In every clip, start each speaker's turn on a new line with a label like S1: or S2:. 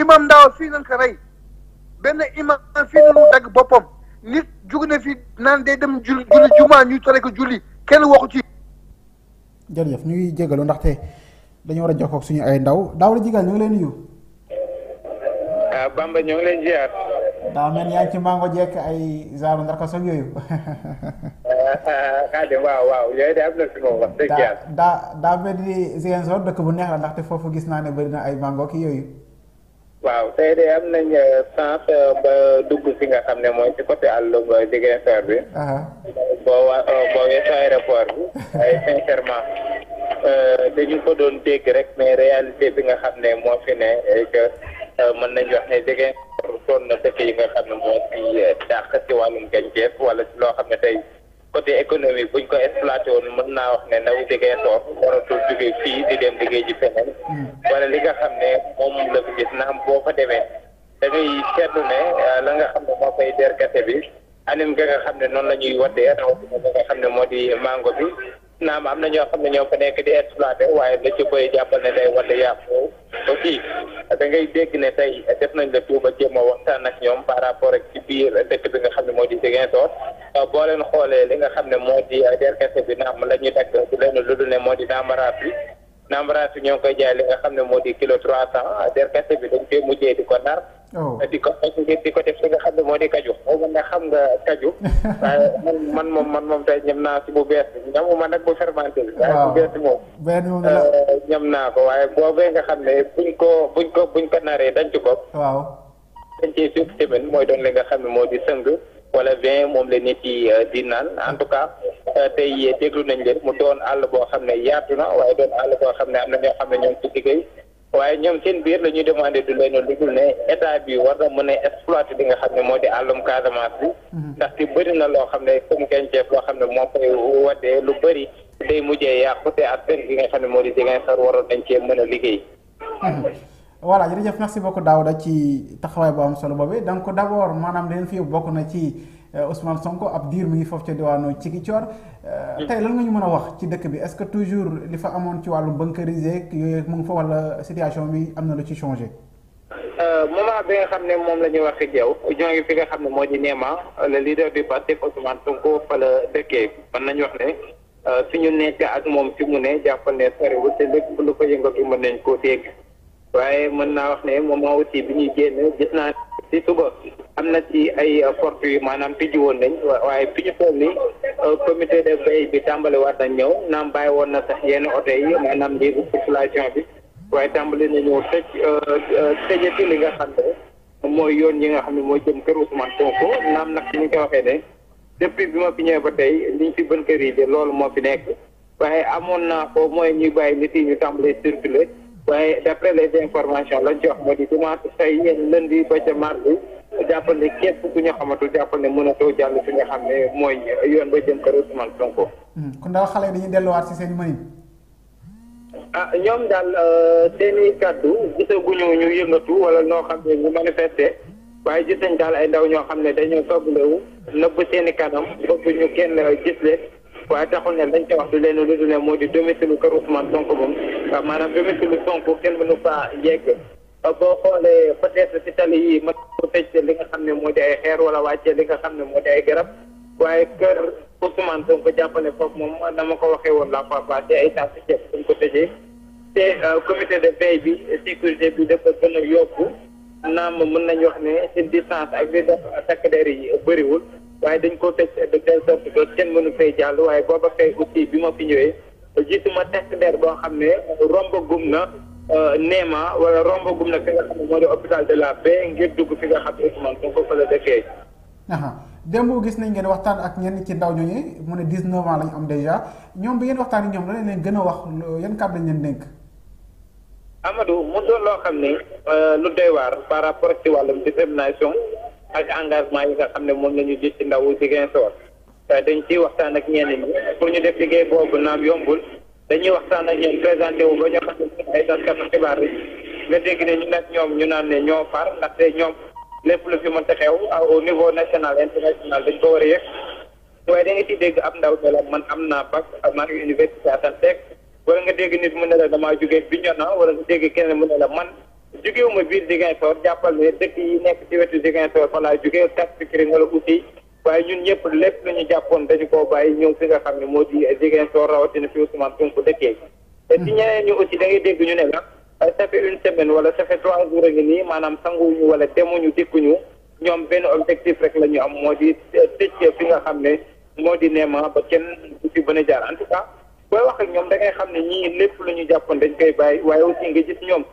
S1: imam Ndao fii nañ ko rey benn imam fii nañu dagg boppam nit jug na fi naan day dem julli julli jumaa ñu tere julli kenn waxu ci.
S2: jërëjëf ñu ngi jégalu ndaxte dañu war a jox ak suñu ay ndaw daaw la ñu ngi leen nuyu.
S1: ah Bamba ñu ngi
S2: daa mel yaa ngi ci mango jekk ay zaaru ndarka soog yooyu.
S1: waaw waaw yooyu de
S2: daa daa mel ni Ziguinchor dëkk bu neex la ndaxte foofu gis naa ne bëri na ay mango ki yooyu.
S1: waaw tey de am nañ chance euh, euh, ba dugg si nga xam ne mooy ci côté àllu Ziguinchor bi. boo wa euh, boo weesoo aéroport bi. ay sincèrement dañu ko doon dégg rek mais réalité bi nga xam ne moo fi ne mën nañ wax ne Ziguinchor sonn na dëkk yi nga xam ne moo fi dàq si wàllum gàncax wala si loo xam ne tey. côté économique buñ ko exploité woon mën naa wax ne ndaw Ziguinchor waratul jóge fii di dem liggéey ji feneen hmm. wala li nga xam ne moom la fi gis na xam boo fa demee da ngay seetlu ne euh, la nga xam ne moo fay bi anim ga nga xam ne noonu la ñuy waddee rawatina la xam ne moo di mango bi naam am na ñoo xam ne ñoo fa nekk di exploité waaye la ci koy jàppal ne day wadde yàqu aussi da ngay dégg ne tey def nañ la tuuba jéem waxtaan ak ñoom par rapport ak biir dëkk xam ne moo di Ziguinchor boo xoolee li nga xam ne moo di derkese bi naam la ñuy dagg du leen lu dul ne moo di naamaraat bi bi ñoo ngi koy jaay li nga xam ne moo di kilo trois cent derkese bi dañ koy di ko nar oh. di ko di ko def li nga xam moo di kaju boobu nag xam nga kaju waaye man moom man moom tey ñam naa si bu bees bi ñamuma nag bu fermenté bi waaye bu bees euh, naa ko waaye boobee nga xam ne buñ ko buñ ko buñ ko naree dañ ci ko waaw dencee fépp semaine mooy doon li nga xam ne moo di sëng wala vin moom la nit yi euh, di naan en tout cas euh, tey déglu nañ leen mu doon àll boo xam ne yaatu na waaye doon àll boo xam ne am na ñoo xam ne ñoom ci liggéey waaye ñoom seen biir la ñuy demandé du leen lu dul ne état bi war na mën a exploité li nga xam ne moo di àllum Casamance bi mhm. ndaxte bëri na loo xam ne comme gàncax loo xam ne moo koy waddee lu bëri day mujjee yàqu te ak seen gi nga xam ne moo di Ziguinchor waroon nañ cee mën a liggéey
S2: mhm. voilà jërëjëf merci beaucoup Daouda ci taxawaay bu am solo boobee donc d' abord maanaam leen fi bokk na ci euh, Ousmane Sonko ab diir mi ngi foofu ca diwaanu Ziguinchor. Euh, mm. tey lan nga ñu mën a wax ci dëkk bi est que toujours li fa amoon ci wàllu bunkerisé yooyu mu ngi fa wala situation bi am na lu ci changé.
S1: Euh, moment bi nga xam ne moom la ñuy wax ak yow ñoo ngi fi nga xam ne moo di Néma le leader du parti Ousmane Sonko fa la dëkkee mën nañu wax ne fi ñu nekk ak moom mu ne jàppal ne soriwul te lépp lu ko yëngatu mën nañ koo dégg. waaye mën naa wax ne moom ma aussi bi ñuy génn gis naa ci suba am na ci ay porte yu maanaam tijji woon nañ waaye fi ñu ni euh, comité de veille bi tàmbali waat ñëw naam bàyyi woon na sax yenn oto yi maanaam léegi population bi waaye tàmbali nañu tëj euh, euh, tëjati li nga xam ne mooy yoon ñi nga xam ne mooy jëm kër Ousmane Sonko naam nag ñu ko waxee ne depuis bi ma fi ñëwee ba tey liñ ci bën kër yi de loolu moo fi nekk waaye amoon naa ko mooy ñuy bàyyi nit yi ñu tàmbalee circuler waaye d'après les informations lañ jox moo di dimanche tey lundi ba ca mardi jàppal ne képp ku ñu xamatul jàppal ne mënatoo jàll fi nga xam ne mooy yoon ba jëm kër Ousmane Sonko.
S2: Hmm. kon daal xale yi dañuy delluwaat ci seen mënin.
S1: ah ñoom daal euh, seen i kàddu gisaguñu ñu ñu yëngatu wala noo xam ne ñu manifester waaye gis nañ daal ay ndaw ñoo xam ne dañoo sooglewu nëbb seeni i kanam bëgg ñu kenn gis leen. waaye taxul ne dañ ca wax du leen lu dul ne moo di domicile lu kër Ousmane Sonko moom ah, maanaam domicile lu Sonko kenn mënu faa yegg ah, boo xoolee peut-être ci tali yi mën ko tëj li nga xam ne moo di ay xeer wala wàccee li nga xam ne moo di ay garab waaye kër Ousmane Sonko jàppale foofu moom na ma ko waxee woon la fois passée ay tànk ceeb duñ ko tëjee te ah, comité de veille bi sécurité bi dafa gën a yokku naam mën nañu wax ne ci distance ak li def takk der yi bëriwul waaye dañ ko tëj de telle sorte que kenn mënu fay jàll waaye booba fay aussi bi ma fi ñëwee ma takk der boo xam ne rombagum na euh, Néma wala rombagum na fi nga xam ne moo di hôpital de la paix ngir dugg fi nga xam ne Ousmane Sonko fa la dëkkee.
S2: démb gis nañ ngeen waxtaan ak ñenn ci ndaw ñooñu mu ne 19 ans lañ am dèjà ñoom bi ngeen waxtaan ñoom lan leen gën a wax yan kàddu lañ leen dénk.
S1: Amadou mu doon loo xam ne euh, lu doy waar par rapport ci wàllum discrimination. ak engagement yi nga xam ne moom la ñu gis ci ndawu Ziguinchor dañ ciy waxtaan ak ñenn ñi pour ñu def liggéey boobu naam yombul dañuy waxtaan ak ñoom présenté wu ba ñoo xam ne ay taskatu nga dégg ne ñu nag ñoom ñu naan ne ñoo far ndaxte ñoom lépp lu fi mënta xew au niveau national international dañ ko war a yëg waaye da nga ciy dégg am ndaw ne la man am naa bac maa ngi université Assane Seck wala nga dégg nit mu ne la damaa jógee na wala nga dégg keneen mu ne la man jugeewu ma biir Ziguinchor jàppal ne dëkk yi nekk ci wetu Ziguinchor fa laa jugee Kassikiri wala Oussouye waaye ñun ñëpp lépp lu ñu jàppoon dañu koo bàyyi ñëw fi nga xam ne moo di Ziguinchor rawatina fi Ousmane Sonko dëkkee te ci ñeneen ñu aussi da ngay dégg ñu ne la ça wala ça fait trois jours nii maanaam sanguwuñu wala demuñu dikkuñu ñoom benn objectif rek la ñu am moo di tëj fi nga xam ne moo di neema ba kenn du ci bën jaar en tout cas booy wax ak ñoom da ngay xam ne ñii lépp lu ñu jàppoon dañ koy bàyyi waaye aussi nga gis ñoom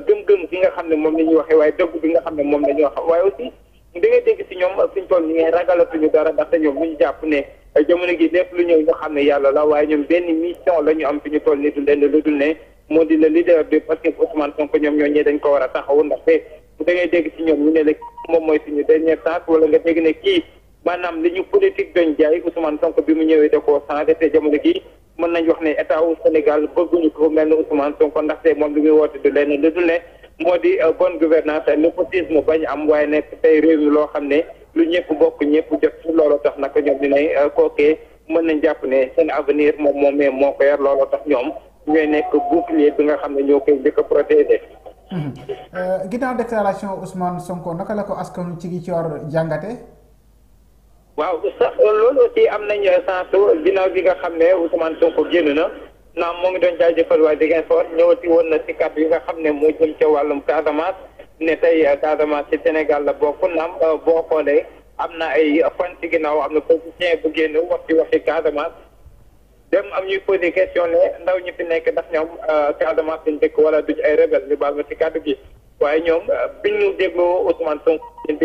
S1: gëm-gëm gi nga xam ne moom la ñuy waxee waaye dëgg bi nga xam ne moom la ñuy wax waaye aussi da ngay dégg si ñoom suñ toll ñu ngi ragalatuñu dara ndaxte ñoom jàpp ne jamono gi lépp lu ñëw xam ne yàlla la waaye ñoom benn mission la am fi ñu toll moo di le leader de Pastef Ousmane Sonko ñoom ñoo ñee dañ ko war a taxawu ndaxte da ngay dégg si ñoom ñu ne la moom dernier taat wala nga dégg ne kii maanaam li ñu politique doon jaay Ousmane Sonko bi mu ñëwee da koo changé te jamono gi mën nañu wax ne état wu Sénégal bëgguñu ko mel ne Ousmane Sonko ndaxte moom li muy woote du lenn lu dul ne moo di euh, bonne gouvernance mu bañ am waaye nekk tey réew yi loo xam ne lu ñëpp bokk ñëpp jot ci loolu tax nag ñoom ñu ne euh, kookee mën nañ jàpp ne seen avenir moom moomee moo ko yor loolu tax ñoom ñooy nekk bouclier bi nga xam ne ñoo koy njëkk a protéger.
S2: Hmm. Euh, ginnaaw déclaration Ousmane Sonko naka la ko askan ci gi coor jàngate.
S1: waaw sax loolu aussi am nañ sens ginnaaw bi nga xam ne Ousmane Sonko génn na naam moo ngi doon jaajëfal waa Ziguinchor ñëwati woon na si kàddu yi nga xam ne moo jëm ca wàllum Casamance ne tey Casamance ci Sénégal la bokk naam euh, boo xoolee am na ay fan si ginnaaw am na politicien bu génn wax ci waxi Casamance dem am ñuy posé question ne ndaw ñi fi nekk ndax ñoom euh, Casamance lañ dëkk wala du ay rebelle li baal ma si kàddu gi waaye ñoom euh, biñ ñu dégloo Ousmane Sonko ñu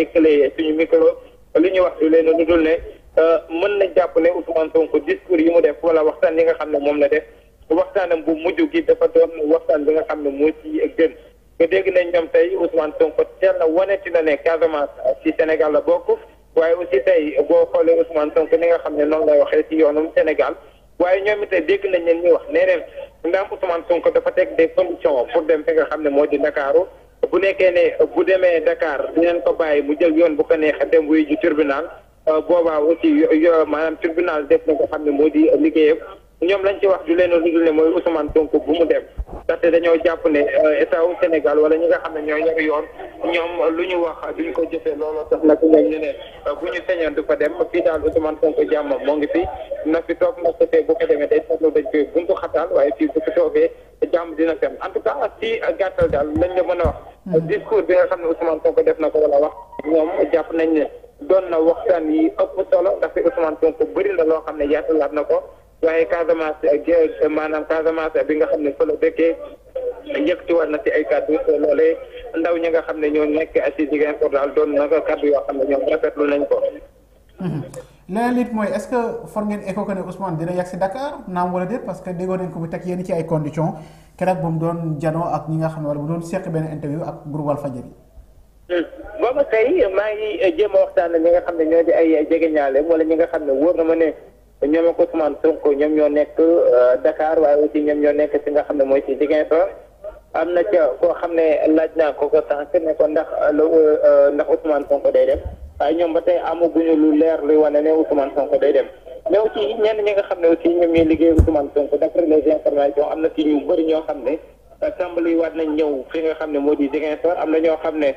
S1: suñu micro. lu ñuy wax du leen lu dul ne euh, mën na jàpp ne Ousmane Sonko discours yi mu def wala waxtaan yi nga xam ne moom na def waxtaanam bu mujj gi dafa doon waxtaan bi nga xam ne moo ci gën nga dégg nañ ñoom tey Ousmane Sonko teel na waneti na ne Casamance ci Sénégal la bokk waaye aussi tey boo xoolee Ousmane Sonko ni nga xam ne noonu lay waxee ci yoonum Sénégal waaye ñoom it dégg nañ leen ñuy wax nee neen ndax Ousmane Sonko dafa teg des conditions pour dem fi nga xam ne moo di Ndakaaru bu nekkee ne bu demee Dakar dinañ ko bàyyi mu jël yoon bu ko neex dem wuy ji tribunal euh, boobaa aussi maanaam tribunal def na ko xam ne moo di liggéeyam ñoom lañ ci wax du leen lu dul mooy Ousmane Sonko bu mu dem ndaxte dañoo jàpp ne euh, état wu senegal wala ñu nga xam ne ñoo yor yoon ñoom lu ñu wax duñ ko jëfee looloo tax nag ñoom ñu ne euh, bu ñu sañoon du fa dem fii daal Ousmane Sonko jàmm moo ngi fi na fi toog na ko fee bu ko demee day seetlu dañ koy buntu xatal waaye fii bu ko toogee jàmm dina dem en tout cas gàttal daal lañ la mën a wax. Hmm. discours bi nga xam ne Ousmane Sonko def na ko wala wax ñoom jàpp nañ ne doon na waxtaan yi ëpp solo ndaxte Ousmane Sonko bëri na loo xam ne yaatalaat na ko waaye Casamance eh, eh, maanaam Casamance bi nga xam ne fa la dëkkee njëkk ci na ci ay kàddu loolee ndaw ñi nga xam ne ñoo nekk ci Ziguinchor daal doon na kàddu yoo xam ne ñoom rafetlu nañ ko.
S2: Mhm. leneen it mooy est-ce que for ay conditions keroog bu doon janoo ñi nga xam ne wala bu doon seq benn interview ak groupe Walfadjri.
S1: Hmm. booba tey eh, a nga xam ne ñoo di wala ñi nga xam ne wóor na ma ne. ñoom ak Ousmane Sonko ñoom ñoo nekk euh, Dakar waaye aussi ñoom ñoo nekk ci nga xam ne mooy ci Ziguinchor am na ca koo xam ne laaj naa ko ko sànq ne ko ndax euh, euh, ndax Ousmane Sonko day dem waaye ñoom ba tey amaguñu lu leer luy wane ne Ousmane Sonko day dem mais aussi ñenn ñi nga xam ne aussi ñoom ñuy liggéey Ousmane Sonko d'après les informations am na ci ñu bëri ñoo xam ne tàmbali waat nañ ñëw fi nga xam ne moo di Ziguinchor am na ñoo xam ne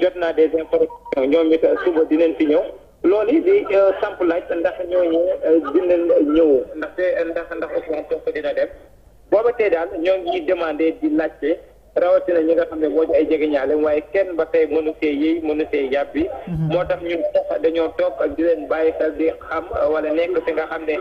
S1: jot naa des informations ñoom it suba dinañ fi ñëw. loolu yi di euh, samp laaj ndax ñooñu euh, dina ñëw ndaxte ndax ndax Ousmane Sonko dina dem booba tey daal ñoo ngi demandé di laajte rawatina ñi nga xam ne boo ci ay jege ñaale waaye kenn ba tey mënu see yëy mënu see yàbbi mhm. moo tax ñun sax dañoo toog ak di leen bàyyi xel di xam wala nekk fi nga xam ne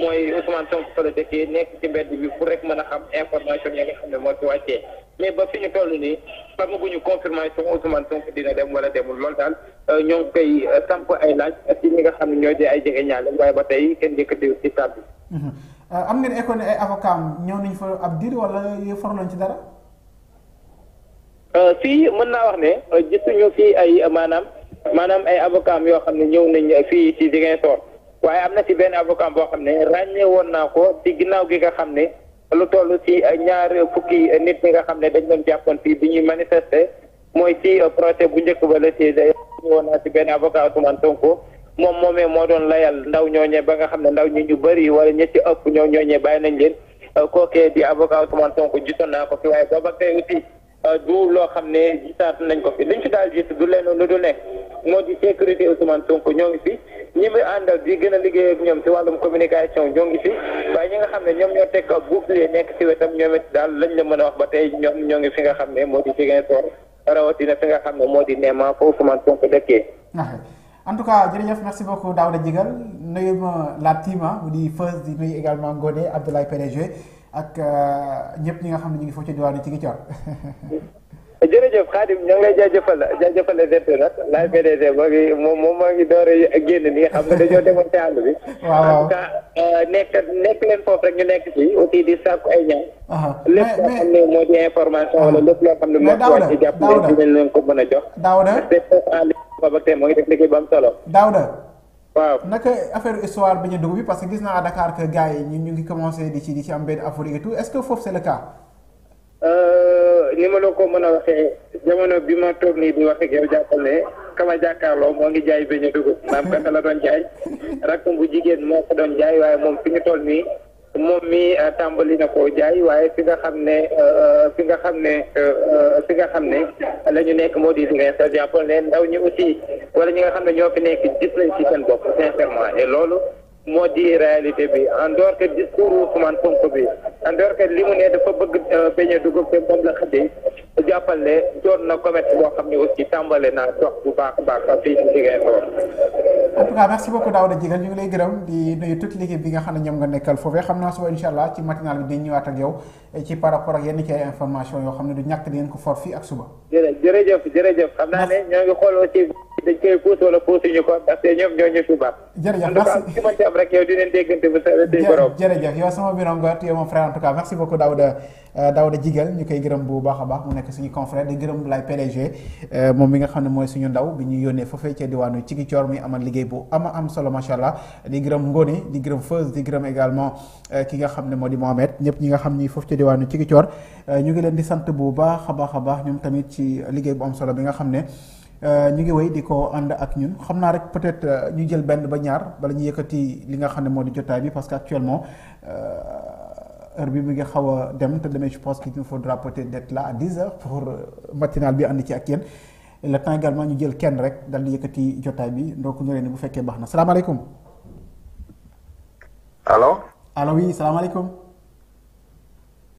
S1: mooy Ousmane Sonko fa la dëkkee nekk ci mbedd bi pour rek mën a xam information yi nga xam ne moo ci wàccee mais ba fi ñu toll nii xamaguñu confirmation Ousmane Sonko dina dem wala demul loolu daal ñoo ngi koy samp euh, ay laaj ci mi nga xam ne ñoo di ay jege ñaale waaye ba tey kenn yëkkati ci tàbbi. Mhm.
S2: Euh, am ngeen école ay avocat ñëw nañ fa ab diir wala forloñ ci dara.
S1: Euh, fii mën naa wax ne gisuñu fii ay maanaam maanaam ay avocat yoo xam ne ñëw nañ fii ci Ziguinchor waaye am na ci benn avocat boo xam ne ràññee woon naa ko ci ginnaaw gi nga xam ne lu toll ci ñaar fukki nit ñi nga xam ne dañ doon jàppoon fii bi ñuy manifester mooy ci projet bu njëkk ba la woon ci benn avocat Ousmane Sonko moom moomee moo doon layal ndaw ñooñee ba nga xam ne ndaw ñi ñu bëri wala ñetti ëpp ñoo ñooñee bàyyi nañ leen euh, kookee di avocat Ousmane Sonko gisoon naa ko fi waaye booba euh, loo xam ne gisaat nañ ko fi liñ ci daal gis du leen lu du nekk moo di sécurité Ousmane Sonko ñoo ngi fi ñi muy àndal di gën a liggéey ak ñoom ci wàllum communication ñoo ngi fi ñi nga xam ne ñoom ñoo teg ak bouclier nekk ci wetam ñoom it daal lañ la mën a wax ba tey ñoom ñoo ngi fi nga xam ne moo di Ziguinchor rawatina fi nga xam ne moo di Néma foofu Ousmane Sonko dëkkee.
S2: en tout cas jërëjëf merci beaucoup Daouda Djigal nuyu ma la tima ah, di Feuz di nuyu également Ngoné Abdoulaye PDG ak euh, ñëpp ñi nga xam ne ñu ngi foofu ci diwaanu Ziguinchor.
S1: jërëjëf Khadim ñoo ngi lay jaajëfal jaajëfal les internautes la PDG moo ngi moom moom moo ngi door a génn xam ne dañoo demoon ci àll bi. waaw en euh, nekk nekk leen foofu rek ñu nekk ci aussi di sàkku ay ñaan. lépp loo xam ne moo di information wala lépp loo ne moo ci war ci jàpp leen dinañ leen ko a jox. Daouda parce que moo ngi def liggéey solo. Daouda. waaw naka
S2: affaire histoire bi ñu dugg bi parce que gis naa à Dakar que yi ñu ngi commencé di ci di ci am benn affaire tout est-ce que foofu c'est
S1: Euh, ni ma la ko mën a waxee jamono bi ma toog nii di wax ak yow jàppal ne kama jàkkaarloo moo ngi jaay bi ñu dugub maam kata la doon jaay rakkam bu jigéen moo ko doon jaay waaye moom fi ñu toll nii moom mi euh, tàmbali na koo jaay waaye fi nga xam ne euh, fi nga xam ne fi nga xam ne la ñu nekk moo di sincère jàppal ne ndaw ñi aussi wala ñi nga xam ne ñoo fi nekk gis nañ ci seen bopp sincèrement et loolu moo di réalité bi en dehors que discours Ousmane Sonko bi en dehors que li mu ne dafa bëgg euh, beñe dugub te moom la xëddee jàppale doon na commerce boo xam ne aussi tàmbale naa dox bu a baax fii ci Ziguinchor.
S2: en tout cas merci ñu ngi lay gërëm di nuyu bi nga xam ne ñoom nga nekkal foofee eh, yenn ci ay information yoo xam ne du ñàkk di ngeen ko for fii ak suba.
S1: jërëjëf jërëjëf xam naa ne ñoo ngi xool aussi. dañ koy puus wala puusuñu ñu subaat. jërëjëf merci en
S2: tout yow sama biiram nga yow moom frère en tout cas merci beaucoup Daouda euh, Jigal ñu koy gërëm bu baax a baax mu nekk suñu confrère gërëm lay PDG euh, moom mi nga xam ne mooy suñu ndaw bi ñuy yónnee foofee ca diwaanu Cigi Coor mi amal liggéey bu ama am solo macha allah di gërëm Ngoni di gërëm Feuz di gërëm également euh, ki nga xam ne moo di Mohamed ñëpp ñi nga xam ni foofu ca diwaanu Cigi ñu ngi leen di sant bu baax a baax a baax ñoom tamit ci liggéey bu am solo bi nga xam ne Euh, ñu ngi wéy di ko ànd ak ñun xam naa rek peut-être euh, ñu jël benn ba ñaar bala ñu yëkkati li nga xam ne moo di jotaay bi parce que actuellement euh, heure bi mi ngi xaw a dem te demee je pense qu'il nous faudra peut-être d'être là à 10 heures pour bi ànd ci ak yéen le temps également ñu jël kenn rek dal di yëkkati jotaay bi donc ñu leen bu fekkee baax na salaamaaleykum. allo. allo oui salaamaaleykum.